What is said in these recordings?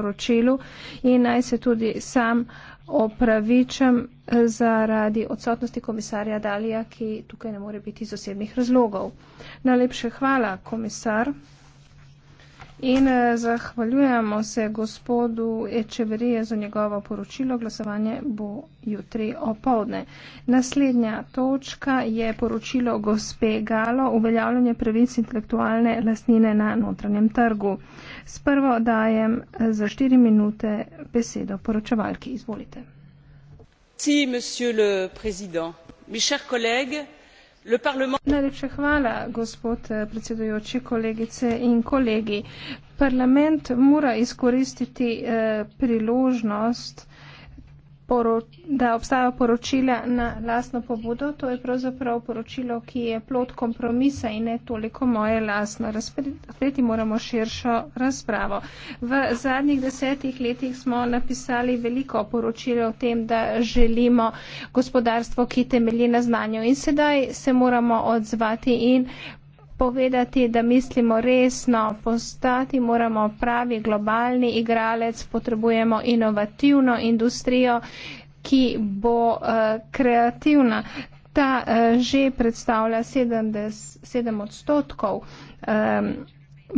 poročilu in naj se tudi sam opravičem zaradi odsotnosti komisarja Dalija, ki tukaj ne more biti iz osebnih razlogov. Najlepše hvala, komisar. In eh, zahvaljujemo se gospodu Ečeverije za njegovo poročilo. Glasovanje bo jutri opovdne. Naslednja točka je poročilo gospe Galo o uveljavljanju pravic intelektualne lastnine na notranjem trgu. Sprvo dajem eh, za štiri minute besedo poročevalki. Izvolite. Si, Najlepša hvala, gospod eh, predsedujoči, kolegice in kolegi. Parlament mora izkoristiti eh, priložnost, poro, da obstajajo poročila na lasno pobudo. To je pravzaprav poročilo, ki je plot kompromisa in ne toliko moje lasno. Razpreti moramo širšo razpravo. V zadnjih desetih letih smo napisali veliko poročilo o tem, da želimo gospodarstvo, ki temelji na znanju. In sedaj se moramo odzvati in povedati, da mislimo resno, postati moramo pravi globalni igralec, potrebujemo inovativno industrijo, ki bo uh, kreativna. Ta uh, že predstavlja 77 odstotkov. Um, ehm,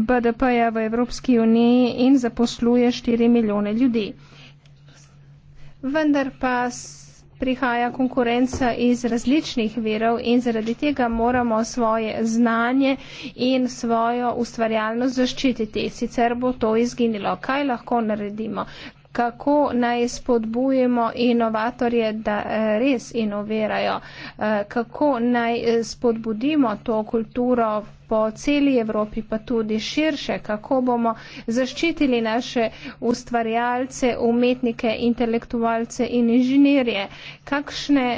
BDP je v Evropski uniji in zaposluje 4 milijone ljudi. Vendar pa prihaja konkurenca iz različnih verov in zaradi tega moramo svoje znanje in svojo ustvarjalnost zaščititi, sicer bo to izginilo. Kaj lahko naredimo? kako naj spodbujemo inovatorje, da eh, res inovirajo, eh, kako naj eh, spodbudimo to kulturo po celi Evropi, pa tudi širše, kako bomo zaščitili naše ustvarjalce, umetnike, intelektualce in inženirje, kakšne,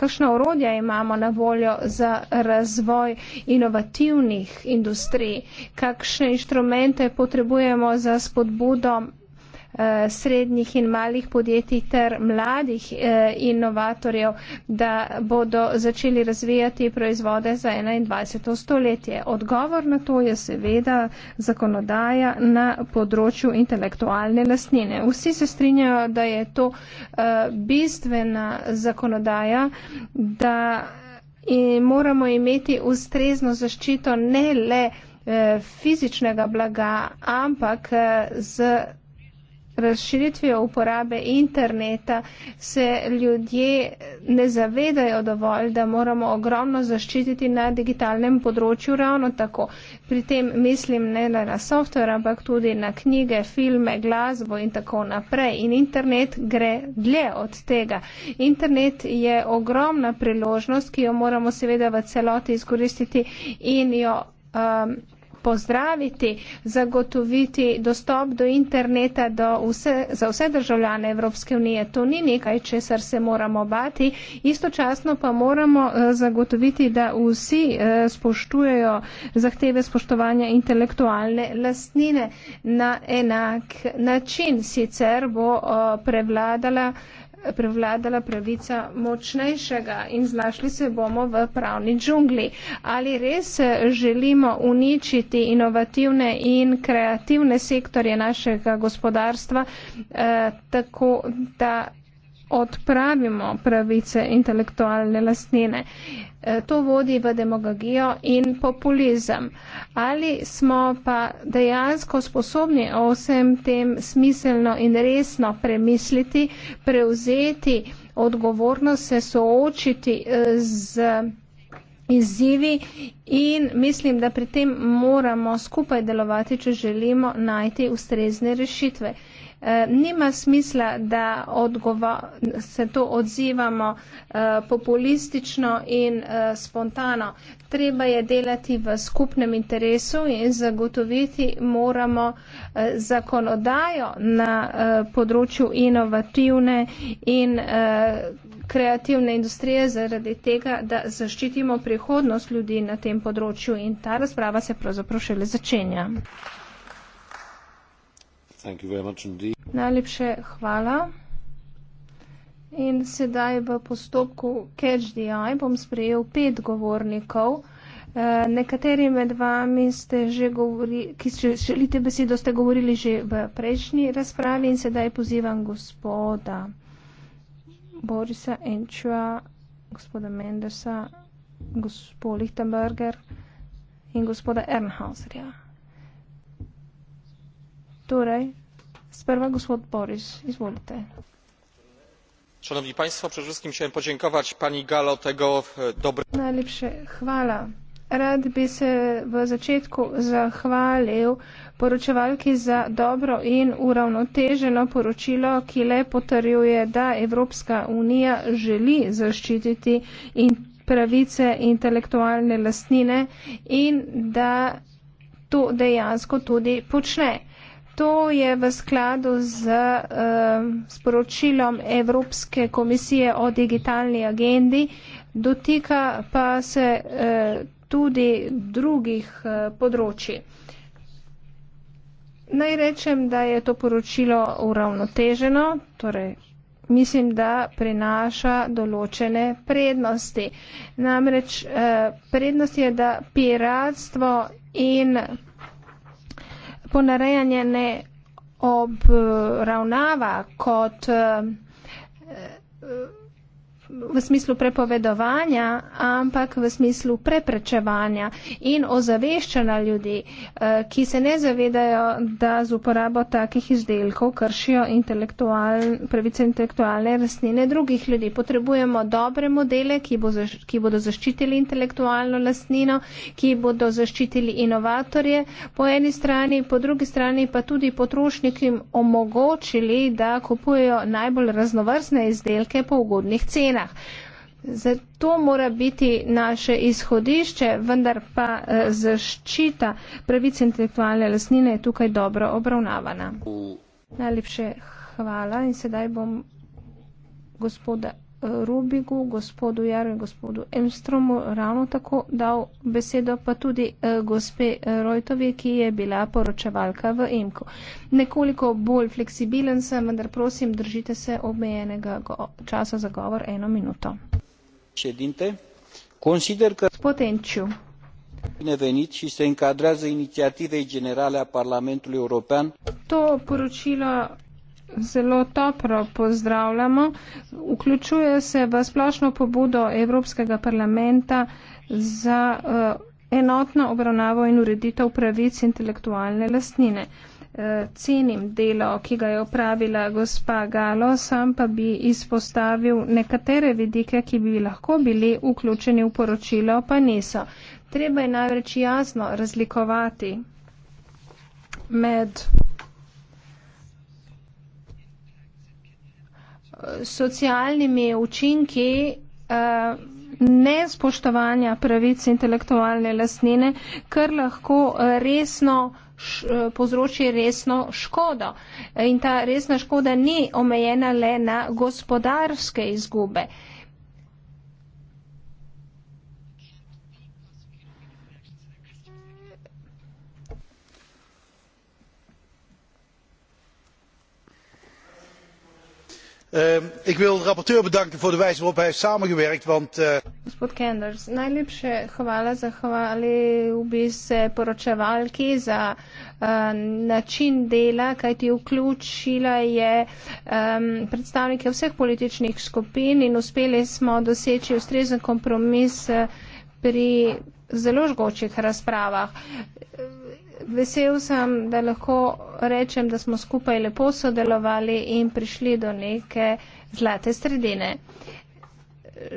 kakšna orodja imamo na voljo za razvoj inovativnih industrij, kakšne inštrumente potrebujemo za spodbudo Eh, srednjih in malih podjetij ter mladih eh, inovatorjev, da bodo začeli razvijati proizvode za 21. stoletje. Odgovor na to je seveda zakonodaja na področju intelektualne lastnine. Vsi se strinjajo, da je to eh, bistvena zakonodaja, da moramo imeti ustrezno zaščito ne le fizičnega blaga, ampak z razširitvijo uporabe interneta se ljudje ne zavedajo dovolj, da moramo ogromno zaščititi na digitalnem področju ravno tako. Pri tem mislim ne le na softver, ampak tudi na knjige, filme, glasbo in tako naprej. In internet gre dlje od tega. Internet je ogromna priložnost, ki jo moramo seveda v celoti izkoristiti in jo. Um, pozdraviti, zagotoviti dostop do interneta do vse, za vse državljane Evropske unije. To ni nekaj, česar se moramo bati. Istočasno pa moramo eh, zagotoviti, da vsi eh, spoštujejo zahteve spoštovanja intelektualne lastnine na enak način. Sicer bo eh, prevladala prevladala pravica močnejšega in znašli se bomo v pravni džungli. Ali res želimo uničiti inovativne in kreativne sektorje našega gospodarstva, eh, tako da odpravimo pravice intelektualne lastnine. E, to vodi v demagogijo in populizem. Ali smo pa dejansko sposobni o vsem tem smiselno in resno premisliti, prevzeti odgovornost, se soočiti e, z izzivi in mislim, da pri tem moramo skupaj delovati, če želimo najti ustrezne rešitve. Eh, nima smisla, da se to odzivamo eh, populistično in eh, spontano. Treba je delati v skupnem interesu in zagotoviti moramo zakonodajo na področju inovativne in kreativne industrije zaradi tega, da zaščitimo prihodnost ljudi na tem področju in ta razprava se pravzaprav šele začenja. Najlepše hvala. In sedaj v postopku Catch the Eye bom sprejel pet govornikov. Eh, nekateri med vami ste že govorili, ki želite besedo, ste govorili že v prejšnji razpravi in sedaj pozivam gospoda Borisa Enčua, gospoda Mendesa, gospod Lichtenberger in gospoda Ernhauserja. Ja. Torej, sprawa gospod Boris, izvolite. Szanowni Państwo, przede wszystkim chciałem podziękować Pani Galo tego e, dobrego... Najlepsze chwala. Rad bi se v začetku zahvalil poročevalki za dobro in uravnoteženo poročilo, ki le potrjuje, da Evropska unija želi zaščititi in pravice intelektualne lastnine in da to dejansko tudi počne. To je v skladu z um, sporočilom Evropske komisije o digitalni agendi, dotika pa se uh, tudi drugih uh, eh, področji. Naj rečem, da je to poročilo uravnoteženo, torej mislim, da prinaša določene prednosti. Namreč eh, prednost je, da piratstvo in ponarejanje ne obravnava kot uh, uh, v smislu prepovedovanja, ampak v smislu preprečevanja in ozaveščanja ljudi, eh, ki se ne zavedajo, da z uporabo takih izdelkov kršijo intelektual, pravice intelektualne lastnine drugih ljudi. Potrebujemo dobre modele, ki, bo, ki bodo zaščitili intelektualno lastnino, ki bodo zaščitili inovatorje po eni strani, po drugi strani pa tudi potrošnikom omogočili, da kupujejo najbolj raznovrstne izdelke po ugodnih cenah strah. Zato mora biti naše izhodišče, vendar pa eh, zaščita pravice intelektualne lasnine je tukaj dobro obravnavana. Najlepše hvala in sedaj bom gospoda. Rubigu, gospodu Jaru in gospodu Emstromu ravno tako dal besedo, pa tudi eh, gospe Rojtovi, ki je bila poročevalka v Emku. Nekoliko bolj fleksibilen sem, vendar prosim, držite se omejenega časa za govor eno minuto. Ședinte, consider că... Potenciu. Binevenit și se încadrează inițiativei generale a Parlamentului European. To poročilo zelo topro pozdravljamo. Vključuje se v splošno pobudo Evropskega parlamenta za eh, enotno obravnavo in ureditev pravic intelektualne lastnine. Eh, cenim delo, ki ga je opravila gospa Galo, sam pa bi izpostavil nekatere vidike, ki bi lahko bili vključeni v poročilo, pa niso. Treba je največ jasno razlikovati med socialnimi učinki eh, nespoštovanja pravic intelektualne lastnine, kar lahko resno eh, povzroči resno škodo. In ta resna škoda ni omejena le na gospodarske izgube. Uh, Ehm, ik wil de rapporteur bedanken voor de wijze waarop hij heeft samengewerkt want eh, Gospod Kenders, najlepše hvala za hvali v bistvu poročevalki za uh, način dela, kaj ti vključila je um, predstavnike vseh političnih skupin in uspeli smo doseči ustrezen kompromis eh, pri zelo žgočih razpravah vesel sem, da lahko rečem, da smo skupaj lepo sodelovali in prišli do neke zlate sredine.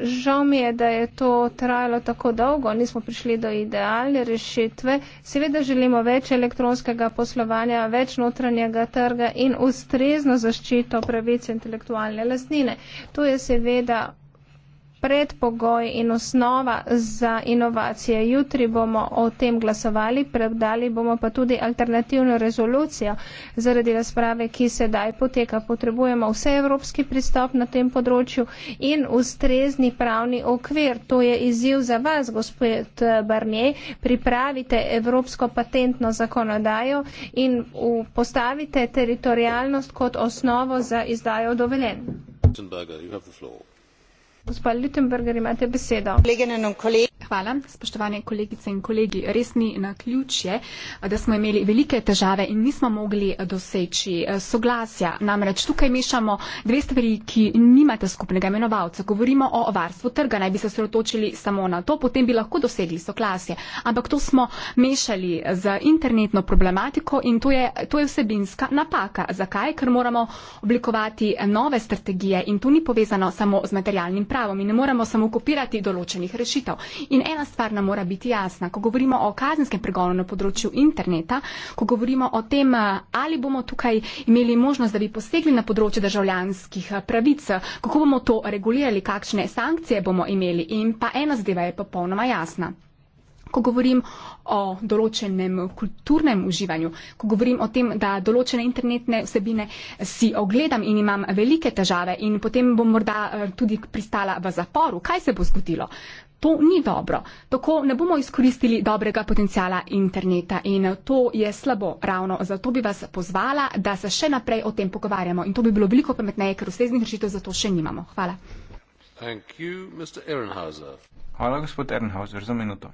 Žal mi je, da je to trajalo tako dolgo, nismo prišli do idealne rešitve. Seveda želimo več elektronskega poslovanja, več notranjega trga in ustrezno zaščito pravice intelektualne lasnine. To je seveda predpogoj in osnova za inovacije. Jutri bomo o tem glasovali, predali bomo pa tudi alternativno rezolucijo. Zaradi razprave, ki sedaj poteka, potrebujemo vse evropski pristop na tem področju in ustrezni pravni okvir. To je izziv za vas, gospod Barnier. Pripravite evropsko patentno zakonodajo in postavite teritorijalnost kot osnovo za izdajo dovoljen. Mr. Berger, you have the floor. Gospod Lütenberger, imate besedo. Hvala, spoštovane kolegice in kolegi. Resni na ključ je, da smo imeli velike težave in nismo mogli doseči eh, soglasja. Namreč tukaj mešamo dve stvari, ki nimate skupnega imenovalca. Govorimo o varstvu trga, naj bi se sredotočili samo na to, potem bi lahko dosegli soglasje. Ampak to smo mešali z internetno problematiko in to je, to je vsebinska napaka. Zakaj? Ker moramo oblikovati nove strategije in to ni povezano samo z materialnim pravom pravo, mi ne moremo samo kopirati določenih rešitev. In ena stvar nam mora biti jasna, ko govorimo o kazenskem pregonu na področju interneta, ko govorimo o tem, ali bomo tukaj imeli možnost, da bi posegli na področje državljanskih eh, pravic, kako bomo to regulirali, kakšne sankcije bomo imeli. In pa ena zadeva je popolnoma jasna. Ko govorim o določenem kulturnem uživanju, ko govorim o tem, da določene internetne vsebine si ogledam in imam velike težave in potem bom morda eh, tudi pristala v zaporu, kaj se bo zgodilo? To ni dobro. Tako ne bomo izkoristili dobrega potencijala interneta in to je slabo ravno. Zato bi vas pozvala, da se še naprej o tem pogovarjamo in to bi bilo veliko pametneje, ker ustreznih rešitev za to še nimamo. Hvala. Hvala, gospod Ehrenhauser, za minuto.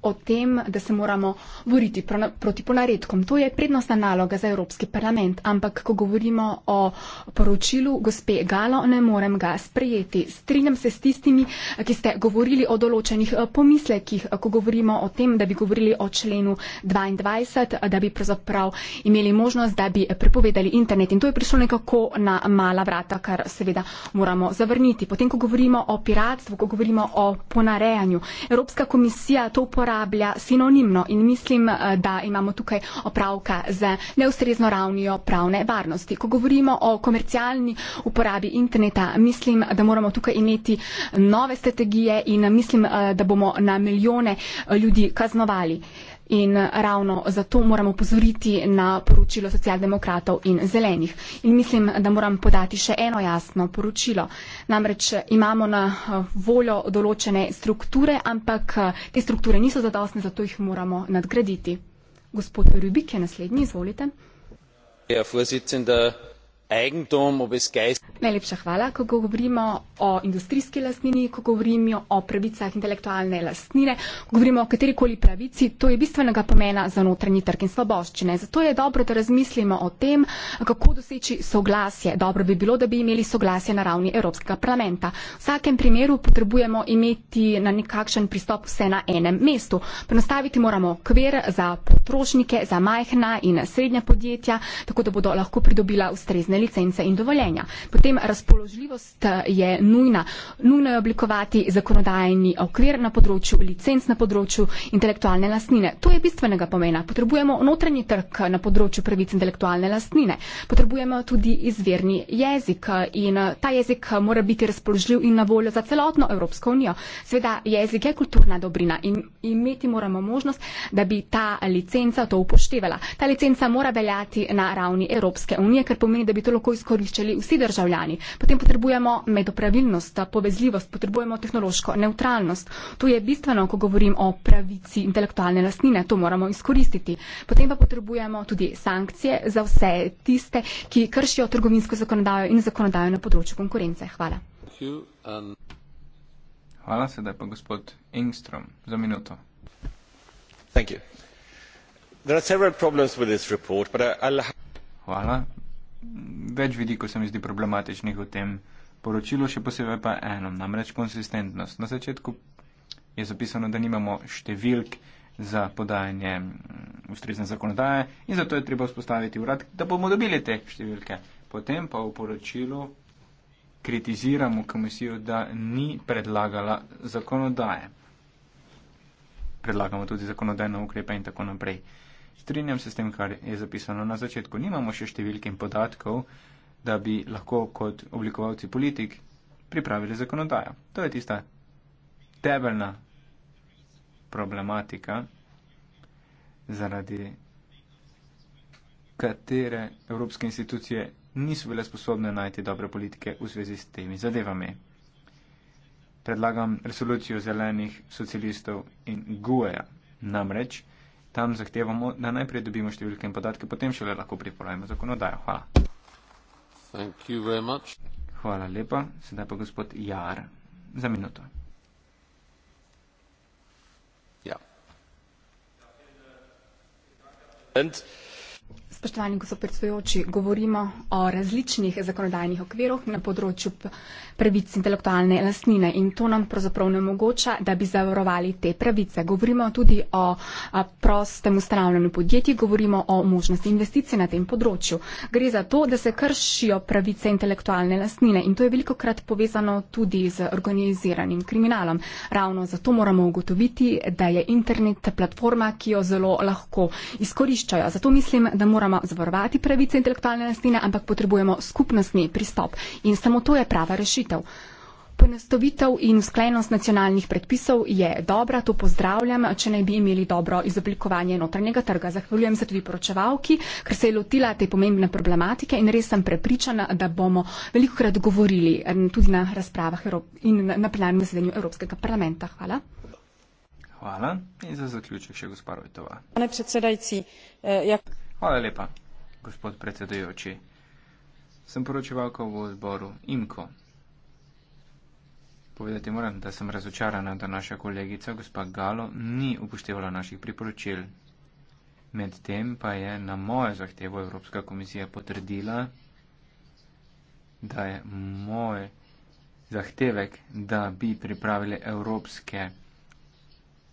o tem, da se moramo boriti pr proti ponaredkom. To je prednostna naloga za Evropski parlament, ampak ko govorimo o poročilu gospe Galo, ne morem ga sprejeti. Strinjam se s tistimi, ki ste govorili o določenih eh, pomislekih, eh, ko govorimo o tem, da bi govorili o členu 22, eh, da bi pravzaprav imeli možnost, da bi prepovedali internet. In to je prišlo nekako na mala vrata, kar seveda moramo zavrniti. Potem, ko govorimo o piratstvu, ko govorimo o ponarejanju, Evropska komisija to uporablja uporablja sinonimno in mislim, eh, da imamo tukaj opravka z neustrezno ravnjo pravne varnosti. Ko govorimo o komercialni uporabi interneta, mislim, da moramo tukaj imeti nove strategije in eh, mislim, eh, da bomo na milijone ljudi kaznovali. In ravno zato moramo pozoriti na poročilo socialdemokratov in zelenih. In mislim, da moram podati še eno jasno poročilo. Namreč eh, imamo na eh, voljo določene strukture, ampak eh, te strukture niso zadostne, zato jih moramo nadgraditi. Gospod Rubik je naslednji, izvolite. Ja, eigentum, ob es geist. Najlepša hvala, ko govorimo o industrijski lastnini, ko govorimo o pravicah intelektualne lastnine, ko govorimo o katerikoli pravici, to je bistvenega pomena za notranji trg in sloboščine. Zato je dobro, da razmislimo o tem, kako doseči soglasje. Dobro bi bilo, da bi imeli soglasje na ravni Evropskega parlamenta. V vsakem primeru potrebujemo imeti na nekakšen pristop vse na enem mestu. Prenostaviti moramo okvir za potrošnike, za majhna in srednja podjetja, tako da bodo lahko pridobila ustrezne potrebne licence in dovoljenja. Potem razpoložljivost eh, je nujna. Nujno je oblikovati zakonodajni okvir na področju licenc, na področju intelektualne lastnine. To je bistvenega pomena. Potrebujemo notranji trg eh, na področju pravic intelektualne lastnine. Potrebujemo tudi izvirni jezik eh, in ta jezik mora biti razpoložljiv in na voljo za celotno Evropsko unijo. Sveda jezik je kulturna dobrina in imeti moramo možnost, da bi ta licenca to upoštevala. Ta licenca mora veljati na ravni Evropske unije, ker pomeni, da bi to to lahko izkoriščali vsi državljani. Potem potrebujemo medopravilnost, povezljivost, potrebujemo tehnološko neutralnost. To je bistveno, ko govorim o pravici intelektualne lastnine, to moramo izkoristiti. Potem pa potrebujemo tudi sankcije za vse tiste, ki kršijo trgovinsko zakonodajo in zakonodajo na področju konkurence. Hvala. Hvala, sedaj pa gospod Engstrom za minuto. Hvala več vidikov se mi zdi problematičnih v tem poročilu, še posebej pa eno, namreč konsistentnost. Na začetku je zapisano, da nimamo številk za podajanje mm, ustrezne zakonodaje in zato je treba vzpostaviti urad, da bomo dobili te številke. Potem pa v poročilu kritiziramo komisijo, da ni predlagala zakonodaje. Predlagamo tudi zakonodajne ukrepe in tako naprej. Uh, Strinjam se s tem, kar je zapisano na začetku. Nimamo še številk in podatkov, da bi lahko kot oblikovalci politik pripravili zakonodajo. To je tista tebelna problematika, zaradi katere evropske institucije niso bile sposobne najti dobre politike v zvezi s temi zadevami. Predlagam resolucijo zelenih socialistov in GUE-ja. Namreč, tam zahtevamo, da najprej dobimo številke in podatke, potem šele lahko pripravimo zakonodajo. Hvala. Hvala lepa. Sedaj pa gospod Jar za minuto. Yeah. Ja. Spoštovani gospod predsedujoči, govorimo o različnih zakonodajnih okvirih na področju pravic intelektualne lastnine in to nam pravzaprav ne omogoča, da bi zavarovali te pravice. Govorimo tudi o prostem ustanavljanju podjetij, govorimo o možnosti investicij na tem področju. Gre za to, da se kršijo pravice intelektualne lastnine in to je veliko krat povezano tudi z organiziranim kriminalom. Ravno zato moramo ugotoviti, da je internet platforma, ki jo zelo lahko izkoriščajo. Zato mislim, da moramo moramo zavarovati pravice intelektualne lastnine, ampak potrebujemo skupnostni pristop. In samo to je prava rešitev. Ponastavitev in usklenost nacionalnih predpisov je dobra, to pozdravljam, če naj bi imeli dobro izoblikovanje notranjega trga. Zahvaljujem se tudi poročevalki, ker se je lotila te pomembne problematike in res sem prepričana, da bomo veliko krat govorili tudi na razpravah in na plenarnem zasedanju Evropskega parlamenta. Hvala. Hvala. In za zaključek še gospod Rojtova. Pane predsedajci, eh, jak... Hvala lepa, gospod predsedujoči. Sem poročevalka v zboru IMKO. Povedati moram, da sem razočarana, da naša kolegica, gospa Galo, ni upoštevala naših priporočil. Medtem pa je na mojo zahtevo Evropska komisija potrdila, da je moj zahtevek, da bi pripravili evropske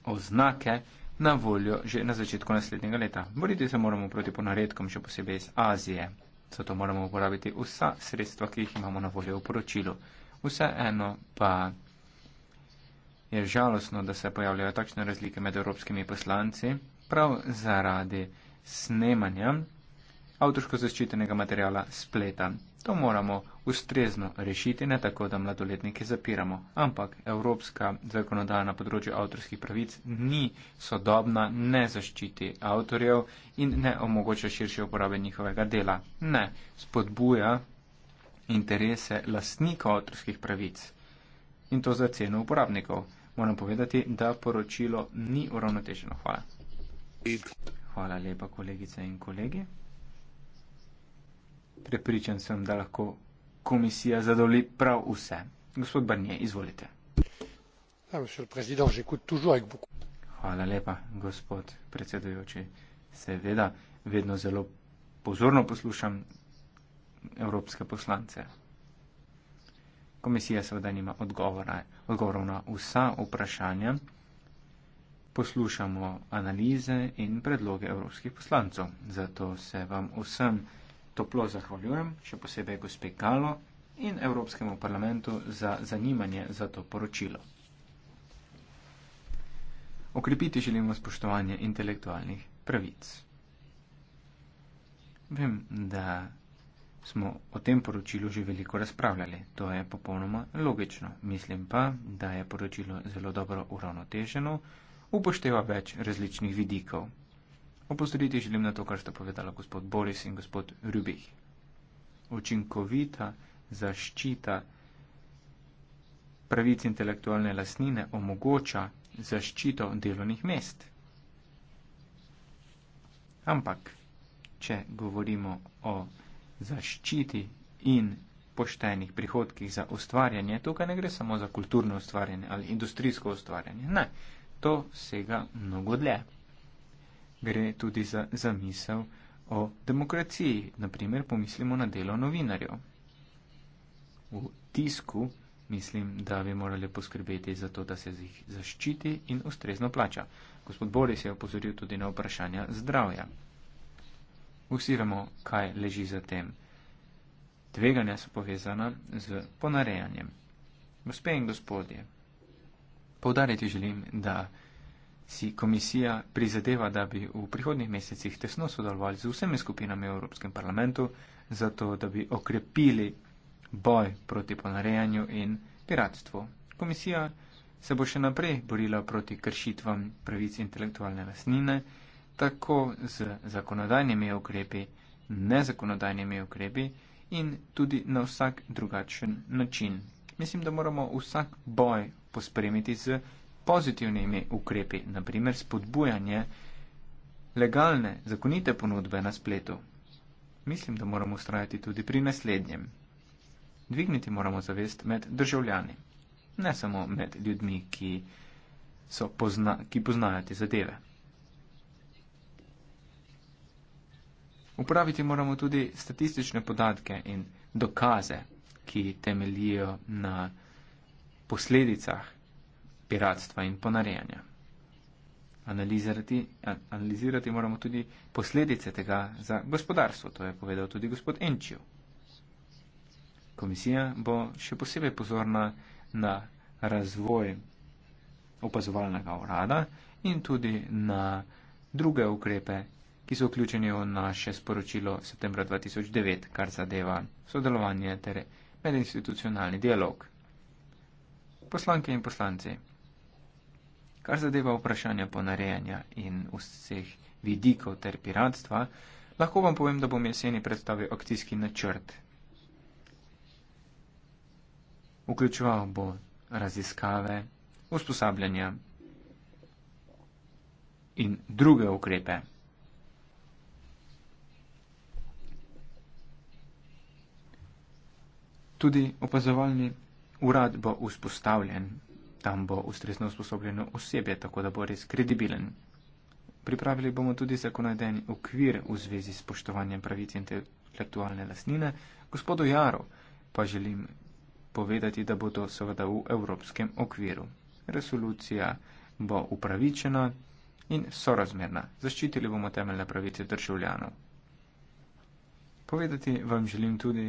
oznake, na voljo že na začetku naslednjega leta. Boriti se moramo proti ponaredkom, še posebej iz Azije. Zato moramo uporabiti vsa sredstva, ki jih imamo na voljo v poročilu. Vseeno pa je žalostno, da se pojavljajo takšne razlike med evropskimi poslanci, prav zaradi snemanja avtorsko zaščitenega materijala spleta. To moramo ustrezno rešiti, ne tako, da mladoletnike zapiramo. Ampak evropska zakonodaja na področju avtorskih pravic ni sodobna, ne zaščiti avtorjev in ne omogoča širše uporabe njihovega dela. Ne, spodbuja interese lastnika avtorskih pravic in to za ceno uporabnikov. Moram povedati, da poročilo ni uravnoteženo. Hvala. Hvala lepa, kolegice in kolegi. Prepričan sem, da lahko komisija zadovoli prav vse. Gospod Barnier, izvolite. Ah, Hvala lepa, gospod predsedujoči. Seveda, vedno zelo pozorno poslušam evropske poslance. Komisija seveda nima odgovorov na vsa vprašanja. Poslušamo analize in predloge evropskih poslancov. Zato se vam vsem toplo zahvaljujem, še posebej gospe Kalo in Evropskemu parlamentu za zanimanje za to poročilo. Okrepiti želimo spoštovanje intelektualnih pravic. Vem, da smo o tem poročilu že veliko razpravljali. To je popolnoma logično. Mislim pa, da je poročilo zelo dobro uravnoteženo, upošteva več različnih vidikov. Opozoriti želim na to, kar sta povedala gospod Boris in gospod Rubih. Učinkovita zaščita pravic intelektualne lasnine omogoča zaščito delovnih mest. Ampak, če govorimo o zaščiti in poštenih prihodkih za ustvarjanje, tukaj ne gre samo za kulturno ustvarjanje ali industrijsko ustvarjanje. Ne, to sega mnogo dlje gre tudi za zamisel o demokraciji. Naprimer, pomislimo na delo novinarjev. V tisku mislim, da bi morali poskrbeti za to, da se jih zaščiti in ustrezno plača. Gospod Boris je opozoril tudi na vprašanja zdravja. Vsi vemo, kaj leži za tem. Tveganja so povezana z ponarejanjem. Gospe in gospodje, poudariti želim, da si komisija prizadeva, da bi v prihodnih mesecih tesno sodelovali z vsemi skupinami v Evropskem parlamentu, zato da bi okrepili boj proti ponarejanju in piratstvu. Komisija se bo še naprej borila proti kršitvam pravic intelektualne lasnine, tako z zakonodajnimi ukrepi, nezakonodajnimi ukrepi in tudi na vsak drugačen način. Mislim, da moramo vsak boj pospremiti z pozitivnimi ukrepi, naprimer spodbujanje legalne, zakonite ponudbe na spletu. Mislim, da moramo ustrajati tudi pri naslednjem. Dvigniti moramo zavest med državljani, ne samo med ljudmi, ki, pozna, ki poznajo te zadeve. Upraviti moramo tudi statistične podatke in dokaze, ki temelijo na posledicah piratstva in ponarejanja. Analizirati, analizirati moramo tudi posledice tega za gospodarstvo, to je povedal tudi gospod Enčil. Komisija bo še posebej pozorna na razvoj opazovalnega urada in tudi na druge ukrepe, ki so vključeni v naše sporočilo septembra 2009, kar zadeva sodelovanje ter medinstitucionalni dialog. Poslanke in poslanci. Kar zadeva vprašanja ponarejanja in vseh vidikov ter piratstva, lahko vam povem, da bom jeseni predstavil akcijski načrt. Vključeval bo raziskave, usposabljanja in druge ukrepe. Tudi opazovalni urad bo vzpostavljen Tam bo ustrezno usposobljeno osebje, tako da bo res kredibilen. Pripravili bomo tudi zakonodajni okvir v zvezi s poštovanjem pravic intelektualne lasnine. Gospodu Jaru pa želim povedati, da bo to seveda v evropskem okviru. Resolucija bo upravičena in sorazmerna. Zaščitili bomo temeljne pravice državljanov. Povedati vam želim tudi,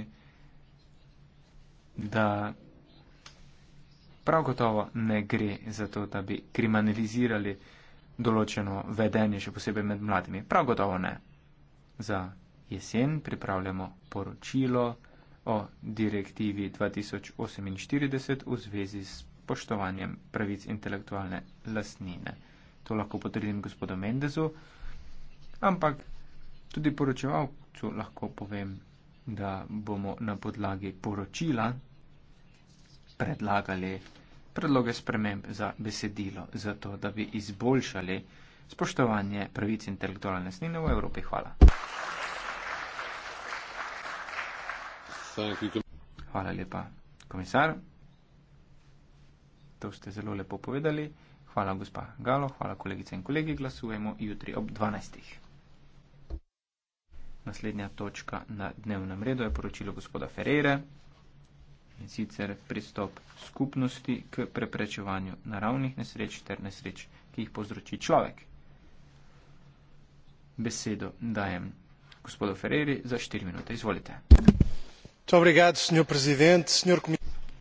da prav gotovo ne gre za to, da bi kriminalizirali določeno vedenje, še posebej med mladimi. Prav gotovo ne. Za jesen pripravljamo poročilo o direktivi 2048 v zvezi s poštovanjem pravic intelektualne lasnine. To lahko potrdim gospodu Mendezu, ampak tudi poročevalcu lahko povem, da bomo na podlagi poročila predlagali predloge sprememb za besedilo, zato da bi izboljšali spoštovanje pravic intelektualne snine v Evropi. Hvala. Hvala lepa, komisar. To ste zelo lepo povedali. Hvala, gospa Galo. Hvala, kolegice in kolegi. Glasujemo jutri ob 12. Naslednja točka na dnevnem redu je poročilo gospoda Ferreira in sicer pristop skupnosti k preprečevanju naravnih nesreč ter nesreč, ki jih povzroči človek. Besedo dajem gospodu Ferreri za štiri minute. Izvolite. Obrigado, senhor presidente, senhor comissário.